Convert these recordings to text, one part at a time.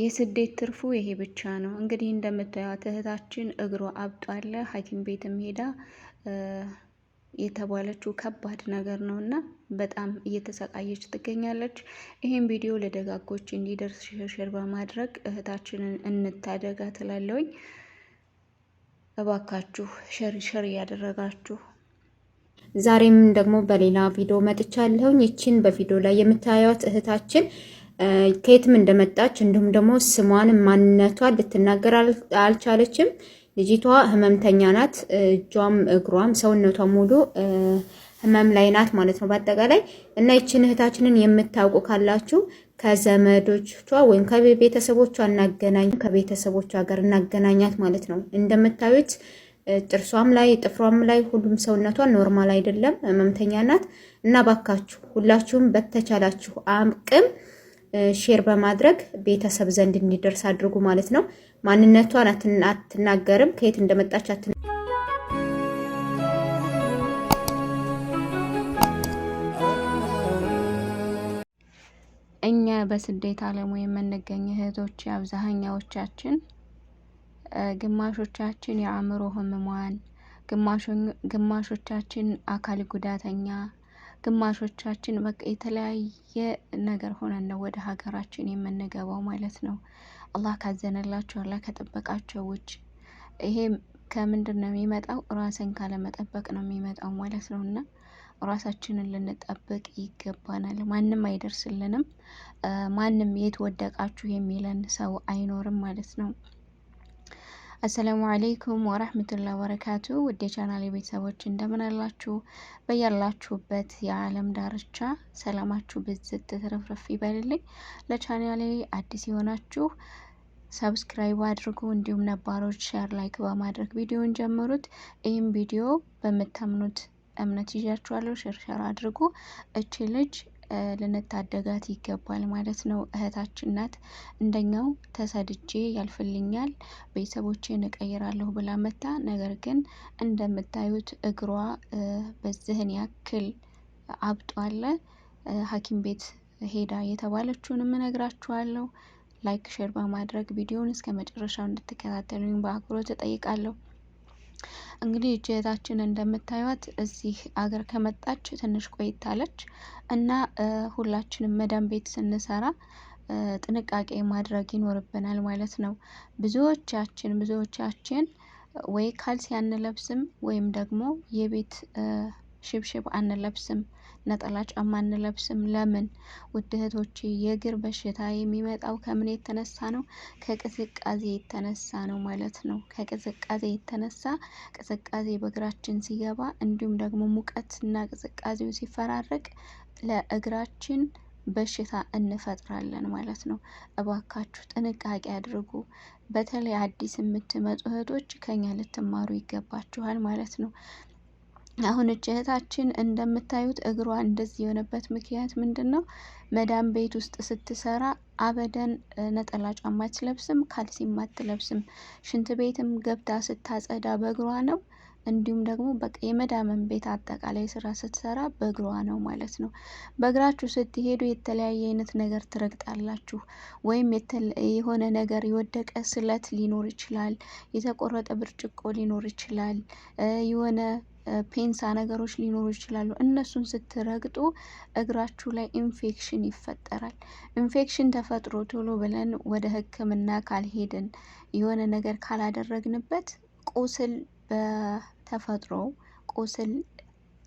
የስደት ትርፉ ይሄ ብቻ ነው። እንግዲህ እንደምታዩት እህታችን እግሯ አብጧለ ሐኪም ቤትም ሄዳ የተባለችው ከባድ ነገር ነው እና በጣም እየተሰቃየች ትገኛለች። ይህም ቪዲዮ ለደጋጎች እንዲደርስ ሽርሽር በማድረግ እህታችንን እንታደጋ ትላለውኝ። እባካችሁ ሽርሽር እያደረጋችሁ ዛሬም ደግሞ በሌላ ቪዲዮ መጥቻለሁኝ። ይችን በቪዲዮ ላይ የምታዩት እህታችን ከየትም እንደመጣች እንዲሁም ደግሞ ስሟን ማንነቷ ልትናገር አልቻለችም። ልጅቷ ህመምተኛ ናት። እጇም እግሯም ሰውነቷ ሙሉ ህመም ላይ ናት ማለት ነው በአጠቃላይ እና ይችን እህታችንን የምታውቁ ካላችሁ ከዘመዶቿ ወይም ከቤተሰቦቿ እናገናኝ ከቤተሰቦቿ ጋር እናገናኛት ማለት ነው። እንደምታዩት ጥርሷም ላይ ጥፍሯም ላይ ሁሉም ሰውነቷ ኖርማል አይደለም፣ ህመምተኛ ናት እና ባካችሁ ሁላችሁም በተቻላችሁ አቅም ሼር በማድረግ ቤተሰብ ዘንድ እንዲደርስ አድርጉ ማለት ነው። ማንነቷን አትናገርም፣ ከየት እንደመጣች አትናገርም። እኛ በስደት ዓለሙ የምንገኝ እህቶች አብዛኛዎቻችን ግማሾቻችን የአእምሮ ህሙማን፣ ግማሾቻችን አካል ጉዳተኛ ግማሾቻችን በቃ የተለያየ ነገር ሆነን ነው ወደ ሀገራችን የምንገባው ማለት ነው። አላህ ካዘነላቸው አላህ ከጠበቃቸው ውጭ ይሄ ከምንድን ነው የሚመጣው? ራስን ካለመጠበቅ ነው የሚመጣው ማለት ነው። እና ራሳችንን ልንጠብቅ ይገባናል። ማንም አይደርስልንም። ማንም የት ወደቃችሁ የሚለን ሰው አይኖርም ማለት ነው። አሰላሙ አለይኩም ወራህመቱላሂ ወበረካቱ ውድ የቻናሌ ቤተሰቦች እንደምን አላችሁ? በያላችሁበት የዓለም ዳርቻ ሰላማችሁ ብዝት ትርፍርፍ ይበልልኝ። ለቻናሌ አዲስ የሆናችሁ ሰብስክራይብ አድርጉ፣ እንዲሁም ነባሮች ሼር፣ ላይክ በማድረግ ቪዲዮን ጀምሩት። ይህም ቪዲዮ በምታምኑት እምነት ይዣችኋለሁ። ሸርሸር አድርጉ። እቺ ልጅ ልንታደጋት ይገባል ማለት ነው። እህታችን ናት። እንደኛው ተሰድጄ ያልፍልኛል ቤተሰቦቼን እቀይራለሁ ብላ መታ። ነገር ግን እንደምታዩት እግሯ በዚህን ያክል አብጧለ። ሐኪም ቤት ሄዳ የተባለችውንም እነግራችኋለሁ። ላይክ ሼር በማድረግ ቪዲዮውን እስከ መጨረሻው እንድትከታተሉኝ በአክብሮት እጠይቃለሁ። እንግዲህ እጀታችን እንደምታዩት እዚህ አገር ከመጣች ትንሽ ቆይታለች እና ሁላችንም መዳን ቤት ስንሰራ ጥንቃቄ ማድረግ ይኖርብናል ማለት ነው። ብዙዎቻችን ብዙዎቻችን ወይ ካልሲ አንለብስም ወይም ደግሞ የቤት ሽብሽብ አንለብስም። ነጠላ ጫማ አንለብስም? ለምን? ውድ እህቶቼ የእግር በሽታ የሚመጣው ከምን የተነሳ ነው? ከቅዝቃዜ የተነሳ ነው ማለት ነው። ከቅዝቃዜ የተነሳ ቅዝቃዜ በእግራችን ሲገባ እንዲሁም ደግሞ ሙቀትና ቅዝቃዜው ሲፈራረቅ ለእግራችን በሽታ እንፈጥራለን ማለት ነው። እባካችሁ ጥንቃቄ አድርጉ። በተለይ አዲስ የምትመጡ እህቶች ከኛ ልትማሩ ይገባችኋል ማለት ነው። አሁን እህታችን እንደምታዩት እግሯ እንደዚህ የሆነበት ምክንያት ምንድን ነው? መዳም ቤት ውስጥ ስትሰራ አበደን ነጠላ ጫማ አትለብስም፣ ካልሲም አትለብስም። ሽንት ቤትም ገብታ ስታጸዳ በእግሯ ነው። እንዲሁም ደግሞ በቃ የመዳመን ቤት አጠቃላይ ስራ ስትሰራ በእግሯ ነው ማለት ነው። በእግራችሁ ስትሄዱ የተለያየ አይነት ነገር ትረግጣላችሁ፣ ወይም የሆነ ነገር የወደቀ ስለት ሊኖር ይችላል፣ የተቆረጠ ብርጭቆ ሊኖር ይችላል፣ የሆነ ፔንሳ ነገሮች ሊኖሩ ይችላሉ። እነሱን ስትረግጡ እግራችሁ ላይ ኢንፌክሽን ይፈጠራል። ኢንፌክሽን ተፈጥሮ ቶሎ ብለን ወደ ሕክምና ካልሄድን የሆነ ነገር ካላደረግንበት ቁስል በተፈጥሮ ቁስል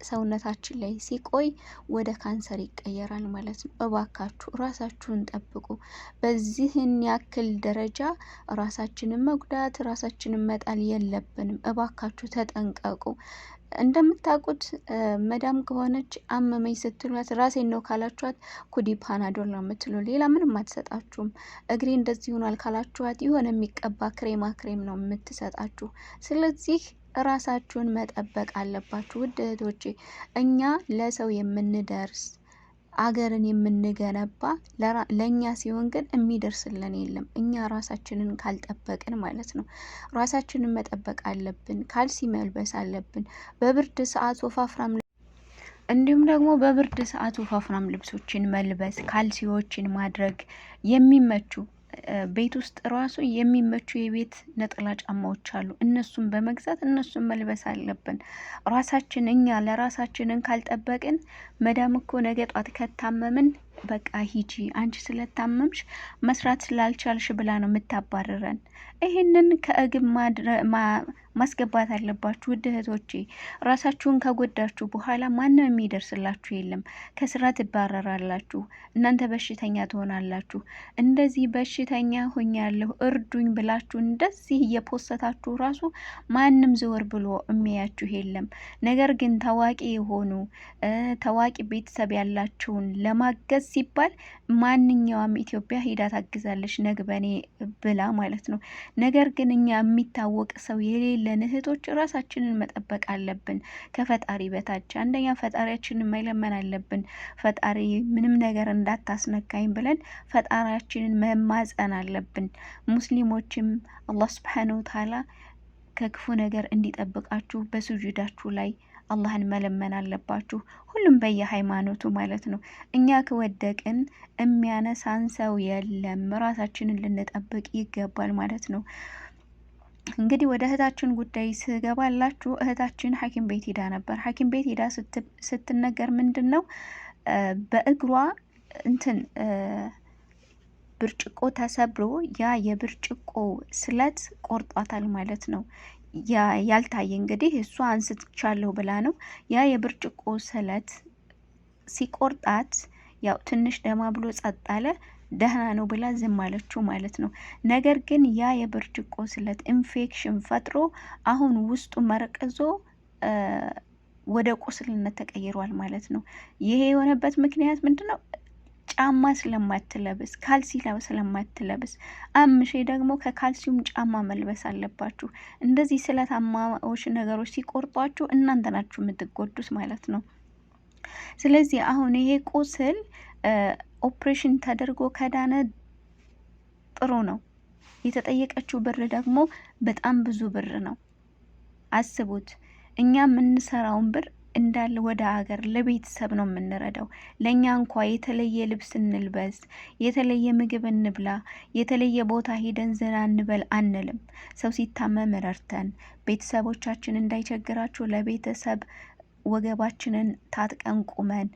ሰውነታችን ላይ ሲቆይ ወደ ካንሰር ይቀየራል ማለት ነው። እባካችሁ ራሳችሁን ጠብቁ። በዚህን ያክል ደረጃ ራሳችንን መጉዳት፣ ራሳችንን መጣል የለብንም። እባካችሁ ተጠንቀቁ። እንደምታውቁት መዳም ከሆነች አመመኝ ስትሏት ራሴን ነው ካላችኋት ኩዲ ፓናዶል ነው የምትሉ፣ ሌላ ምንም አትሰጣችሁም። እግሬ እንደዚህ ሆኗል ካላችኋት የሆነ የሚቀባ ክሬማ ክሬም ነው የምትሰጣችሁ። ስለዚህ ራሳችሁን መጠበቅ አለባችሁ ውድ እህቶቼ። እኛ ለሰው የምንደርስ አገርን የምንገነባ ለእኛ ሲሆን ግን የሚደርስልን የለም። እኛ ራሳችንን ካልጠበቅን ማለት ነው። ራሳችንን መጠበቅ አለብን። ካልሲ መልበስ አለብን። በብርድ ሰዓት ወፋፍራም እንዲሁም ደግሞ በብርድ ሰዓት ወፋፍራም ልብሶችን መልበስ፣ ካልሲዎችን ማድረግ የሚመቹ ቤት ውስጥ ራሱ የሚመቹ የቤት ነጠላ ጫማዎች አሉ። እነሱን በመግዛት እነሱን መልበስ አለብን። ራሳችን እኛ ለራሳችንን ካልጠበቅን መዳም እኮ ነገ ጧት ከታመምን በቃ ሂጂ አንቺ ስለታመምሽ መስራት ስላልቻልሽ ብላ ነው የምታባረረን። ይህንን ከእግብ ማስገባት አለባችሁ ውድ እህቶቼ። ራሳችሁን ከጎዳችሁ በኋላ ማንም የሚደርስላችሁ የለም። ከስራ ትባረራላችሁ፣ እናንተ በሽተኛ ትሆናላችሁ። እንደዚህ በሽተኛ ሆኛለሁ እርዱኝ ብላችሁ እንደዚህ እየፖሰታችሁ ራሱ ማንም ዘወር ብሎ የሚያችሁ የለም። ነገር ግን ታዋቂ የሆኑ ታዋቂ ቤተሰብ ያላችሁን ለማገዝ ጎበዝ ሲባል ማንኛውም ኢትዮጵያ ሄዳ ታግዛለች ነግ በኔ ብላ ማለት ነው። ነገር ግን እኛ የሚታወቅ ሰው የሌለን እህቶች ራሳችንን መጠበቅ አለብን ከፈጣሪ በታች። አንደኛ ፈጣሪያችንን መለመን አለብን። ፈጣሪ ምንም ነገር እንዳታስነካኝ ብለን ፈጣሪያችንን መማጸን አለብን። ሙስሊሞችም አላህ ስብሓነሁ ወተዓላ ከክፉ ነገር እንዲጠብቃችሁ በስጁዳችሁ ላይ አላህን መለመን አለባችሁ። ሁሉም በየሃይማኖቱ ማለት ነው። እኛ ከወደቅን የሚያነሳን ሰው የለም። ራሳችንን ልንጠብቅ ይገባል ማለት ነው። እንግዲህ ወደ እህታችን ጉዳይ ስገባላችሁ እህታችን ሐኪም ቤት ሄዳ ነበር። ሐኪም ቤት ሄዳ ስትነገር ምንድን ነው በእግሯ እንትን ብርጭቆ ተሰብሮ ያ የብርጭቆ ስለት ቆርጧታል ማለት ነው። ያልታየ እንግዲህ እሷ አንስቻለሁ ብላ ነው ያ የብርጭቆ ስለት ሲቆርጣት፣ ያው ትንሽ ደማ ብሎ ጸጥ አለ። ደህና ነው ብላ ዝም አለችው ማለት ነው። ነገር ግን ያ የብርጭቆ ስለት ኢንፌክሽን ፈጥሮ አሁን ውስጡ መርቅዞ ወደ ቁስልነት ተቀይሯል ማለት ነው። ይሄ የሆነበት ምክንያት ምንድን ነው? ጫማ ስለማትለብስ ካልሲ ስለማትለብስ አምሼ ደግሞ ከካልሲውም ጫማ መልበስ አለባችሁ። እንደዚህ ስለታማዎች ነገሮች ሲቆርጧችሁ እናንተ ናችሁ የምትጎዱት ማለት ነው። ስለዚህ አሁን ይሄ ቁስል ኦፕሬሽን ተደርጎ ከዳነ ጥሩ ነው። የተጠየቀችው ብር ደግሞ በጣም ብዙ ብር ነው። አስቡት እኛ የምንሰራውን ብር እንዳለ ወደ አገር ለቤተሰብ ነው የምንረዳው። ለእኛ እንኳ የተለየ ልብስ እንልበስ፣ የተለየ ምግብ እንብላ፣ የተለየ ቦታ ሄደን ዘና እንበል አንልም። ሰው ሲታመም ረድተን፣ ቤተሰቦቻችን እንዳይቸግራቸው ለቤተሰብ ወገባችንን ታጥቀን ቁመን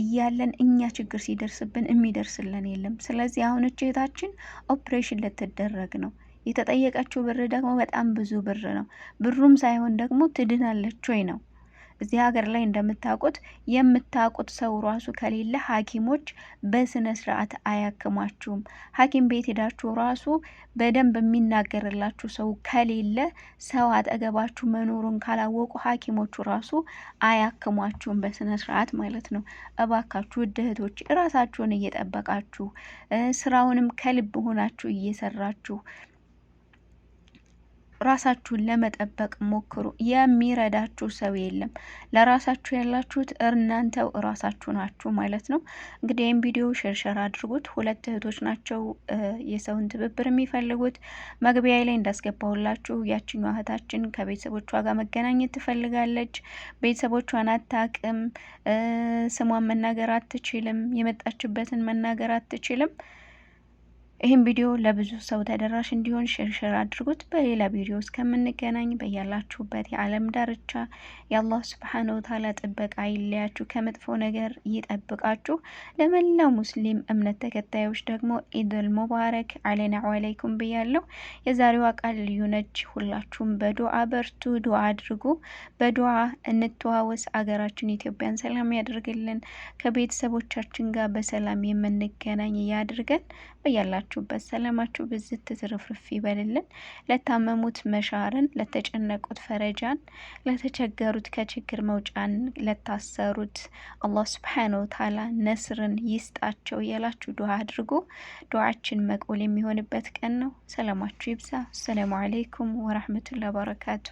እያለን እኛ ችግር ሲደርስብን የሚደርስልን የለም። ስለዚህ አሁን እህታችን ኦፕሬሽን ልትደረግ ነው። የተጠየቀችው ብር ደግሞ በጣም ብዙ ብር ነው። ብሩም ሳይሆን ደግሞ ትድናለች ወይ ነው እዚህ ሀገር ላይ እንደምታውቁት የምታውቁት ሰው ራሱ ከሌለ ሐኪሞች በስነ ስርዓት አያክሟችሁም። ሐኪም ቤት ሄዳችሁ ራሱ በደንብ የሚናገርላችሁ ሰው ከሌለ ሰው አጠገባችሁ መኖሩን ካላወቁ ሐኪሞቹ ራሱ አያክሟችሁም በስነ ስርዓት ማለት ነው። እባካችሁ ውድ እህቶች ራሳችሁን እየጠበቃችሁ ስራውንም ከልብ ሆናችሁ እየሰራችሁ ራሳችሁን ለመጠበቅ ሞክሩ። የሚረዳችሁ ሰው የለም። ለራሳችሁ ያላችሁት እናንተው ራሳችሁ ናችሁ ማለት ነው። እንግዲህ ይህም ቪዲዮ ሸርሸር አድርጉት። ሁለት እህቶች ናቸው የሰውን ትብብር የሚፈልጉት። መግቢያ ላይ እንዳስገባሁላችሁ ያችኛዋ እህታችን ከቤተሰቦቿ ጋር መገናኘት ትፈልጋለች። ቤተሰቦቿን አታቅም። ስሟን መናገር አትችልም። የመጣችበትን መናገር አትችልም። ይህም ቪዲዮ ለብዙ ሰው ተደራሽ እንዲሆን ሽርሽር አድርጉት። በሌላ ቪዲዮ እስከምንገናኝ በያላችሁበት የዓለም ዳርቻ የአላህ ስብሓነሁ ወተዓላ ጥበቃ ይለያችሁ፣ ከመጥፎ ነገር ይጠብቃችሁ። ለመላው ሙስሊም እምነት ተከታዮች ደግሞ ኢድል ሙባረክ አሌና ዋለይኩም ብያለሁ። የዛሬዋ ቃል ልዩ ነች። ሁላችሁም በዱዓ በርቱ፣ ዱዓ አድርጉ፣ በዱዓ እንተዋወስ። አገራችን ኢትዮጵያን ሰላም ያድርግልን፣ ከቤተሰቦቻችን ጋር በሰላም የምንገናኝ ያድርገን። በያላችሁ በያላችሁበት ሰላማችሁ ብዝት ትርፍርፍ ይበልልን። ለታመሙት መሻርን፣ ለተጨነቁት ፈረጃን፣ ለተቸገሩት ከችግር መውጫን፣ ለታሰሩት አላህ ስብሓነ ወተዓላ ነስርን ይስጣቸው እያላችሁ ዱዓ አድርጉ። ዱዓችን መቅቡል የሚሆንበት ቀን ነው። ሰላማችሁ ይብዛ። አሰላሙ አለይኩም ወራህመቱላ በረካቱ